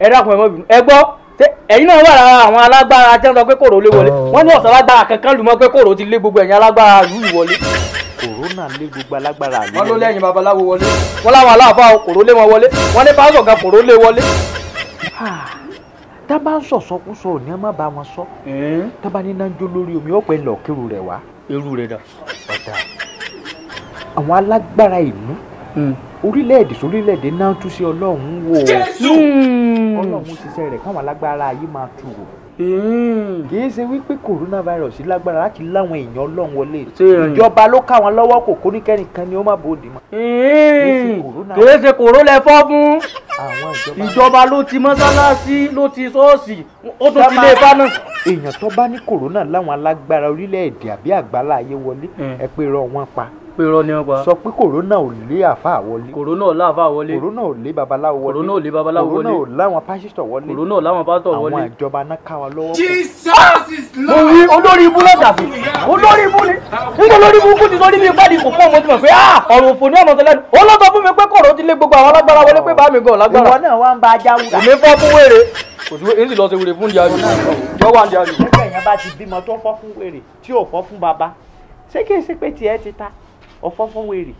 ẹ dákun mọ bínú ẹ gbọ́ ẹ̀yin náà wà lára àwọn alágbára tí wọ́n sọ pé kòró lé wọlé wọ́n ní ọ̀sán alágbára kankan lù mọ́ pé kòró ti lé gbogbo ẹ̀yin alágbára lù yìí wọlé. kòrónà lé gbogbo alágbára àlè. wọ́n ló lẹ́yìn babaláwo wọlé wọ́n láwọn aláàfáà kòró lé wọn wọlé wọ́n ní pásọ̀ kan kòró lé wọlé. tá a bá ń sọ̀sọ́kúsọ ò ní a má bá wọn sọ tá a bá ní náà lórí omi ó lọ kéru rẹ̀ wá. eru rẹ̀ dà. àwọn alágbára ìlú hmm. orílẹ̀-èdè náà tún sí ọlọ́run wò ó. jésù hmm. Mm. ọlọ́run ṣiṣẹ́ rẹ̀ káwọn alágbára ayé máa tù wò mm. kì í ṣe wípé coronavirus lágbára láti láwọn èèyàn ọlọ́run wọlé ìjọba ló ká lọ́wọ́ kò kóníkẹ́rin kan ni ó má bòde mọ́. Mm. kì í ṣe kòró lẹ fọ́ fún ìjọba ló ti mọ́sálásí ló ti ṣọ́ọ̀ṣì ó tún ti lé fánà. èèyàn tó bá ní corona láwọn alágbára orílẹ̀-èdè àbí àgbáláyé wọlé ẹ pé irọ́ wọn pa pé irọ́ ni wọ́n pa. sọ pé kòrónà ò lé àfa wọlé. kòrónà ò lé àfa wọlé. kòrónà ò lé babaláwo wọlé. kòrónà ò lé babaláwo wọlé. kòrónà ò láwọn pásítọ̀ wọlé. kòrónà ò láwọn pásítọ̀ wọlé. àwọn ìjọba náà ká wa lọ́wọ́. Jesus is Lord. olórí ibú lọ́jà bí olórí ibú ni nígbà olórí ibú kú ti sọ níbi ìpàdé kò fún ọmọ tí mo fẹ́ ah, ọ̀rọ̀ òfò ní ọ̀nà tẹ́lẹ̀ ó èyí sì lọ sí wèrè fún ìyá mi yọ wá ìyá mi. ẹgbẹ́ yẹn bá ti bímọ tó fọ́ fún wèrè tí ò fọ́ fún baba ṣé kí n ṣe pé tiẹ̀ ti ta o fofo way.